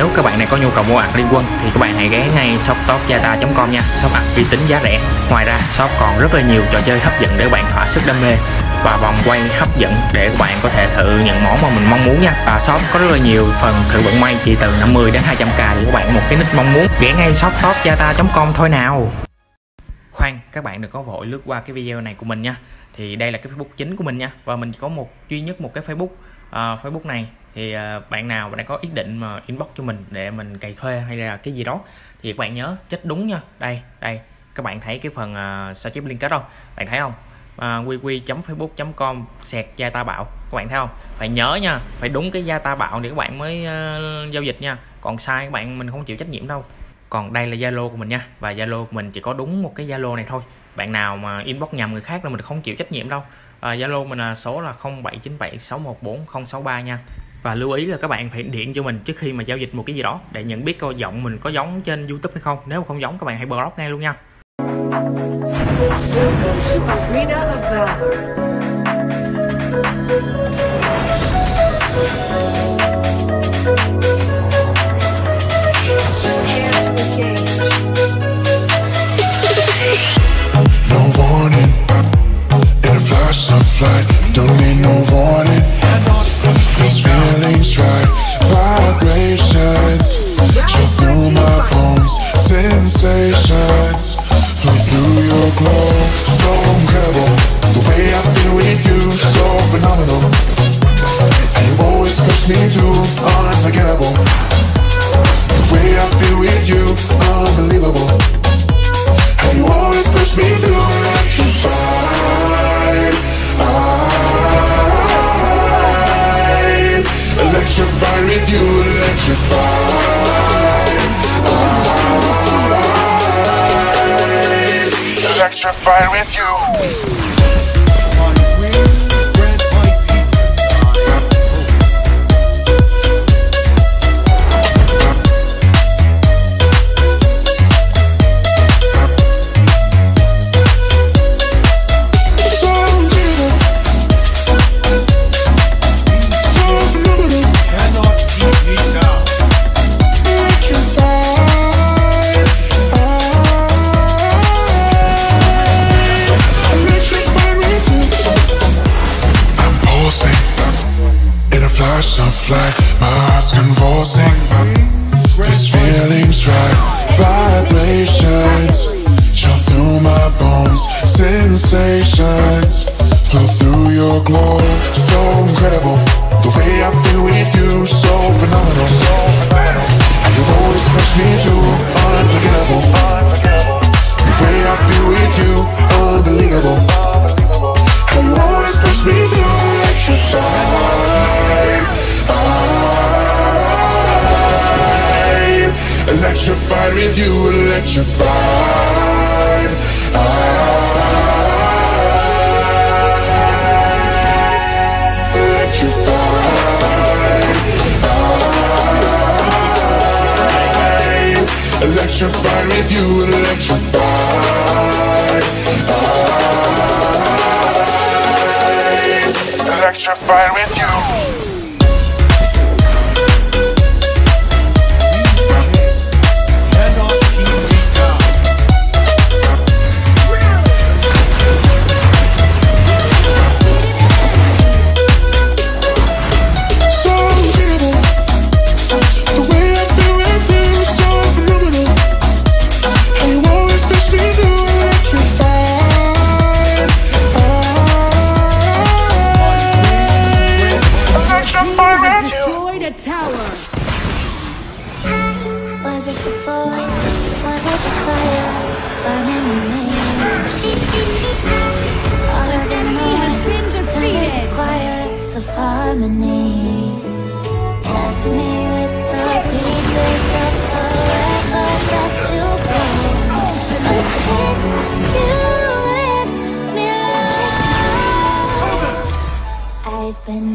Nếu các bạn này có nhu cầu mua ạc liên quân thì các bạn hãy ghé ngay shop topdata.com nha, shop ạc uy tín giá rẻ. Ngoài ra, shop còn rất là nhiều trò chơi hấp dẫn để bạn thỏa sức đam mê và vòng quay hấp dẫn để các bạn có thể thử những món mà mình mong muốn nha và shop có rất là nhiều phần thử vận may chỉ từ 50 đến 200k để các bạn một cái nick mong muốn ghé ngay shop topdata.com thôi nào khoan các bạn đừng có vội lướt qua cái video này của mình nha thì đây là cái facebook chính của mình nha và mình chỉ có một duy nhất một cái facebook uh, facebook này thì à, bạn nào mà đã có ý định mà inbox cho mình để mình cày thuê hay là cái gì đó thì các bạn nhớ chết đúng nha đây đây các bạn thấy cái phần à, sao chép liên kết không bạn thấy không uh, facebook com sẹt gia ta bảo các bạn thấy không phải nhớ nha phải đúng cái gia ta bảo để các bạn mới uh, giao dịch nha còn sai các bạn mình không chịu trách nhiệm đâu còn đây là zalo của mình nha và zalo của mình chỉ có đúng một cái zalo này thôi bạn nào mà inbox nhầm người khác là mình không chịu trách nhiệm đâu zalo uh, mình là số là 0797614063 nha và lưu ý là các bạn phải điện cho mình trước khi mà giao dịch một cái gì đó để nhận biết coi giọng mình có giống trên YouTube hay không nếu mà không giống các bạn hãy block ngay luôn nha sensations Flow through your glow So incredible The way I feel with you So phenomenal And you always push me through Unforgettable The way I feel with you Unbelievable environment you electrify. Electrify ah. with you. Left me with the pieces of forever that you broke it's you left me I've been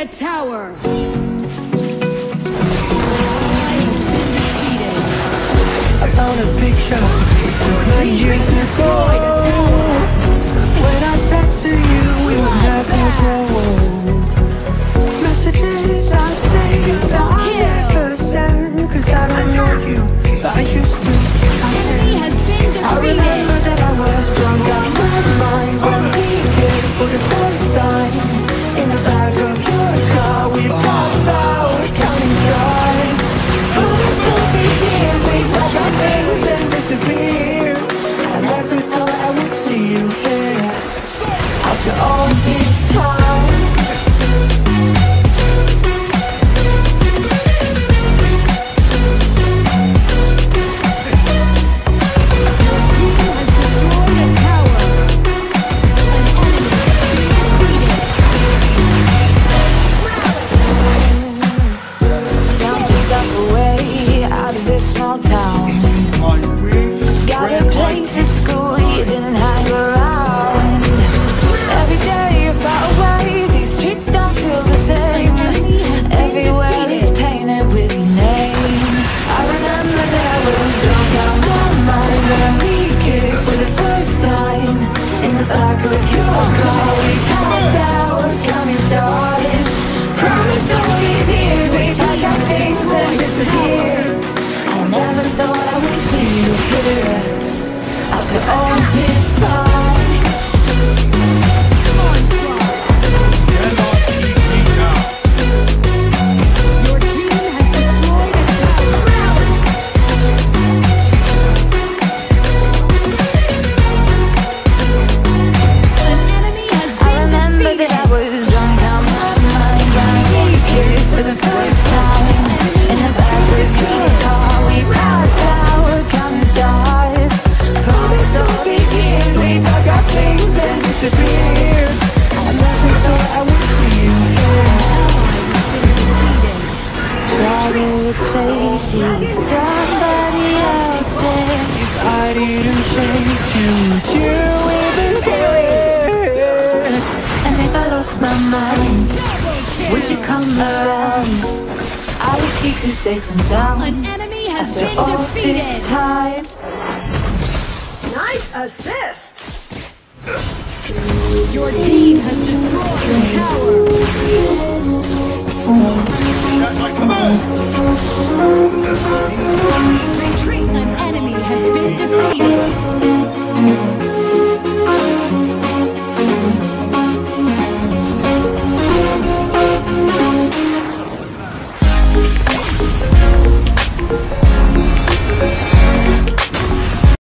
a tower! I found a picture so years ago When I said to you we would never grow, Messages I saved that I never send Cause I don't know you to own his And if I lost my mind, would you come around? I will keep you safe and sound. An enemy has After been all defeated. Nice assist. Your team has destroyed your tower. That's my command.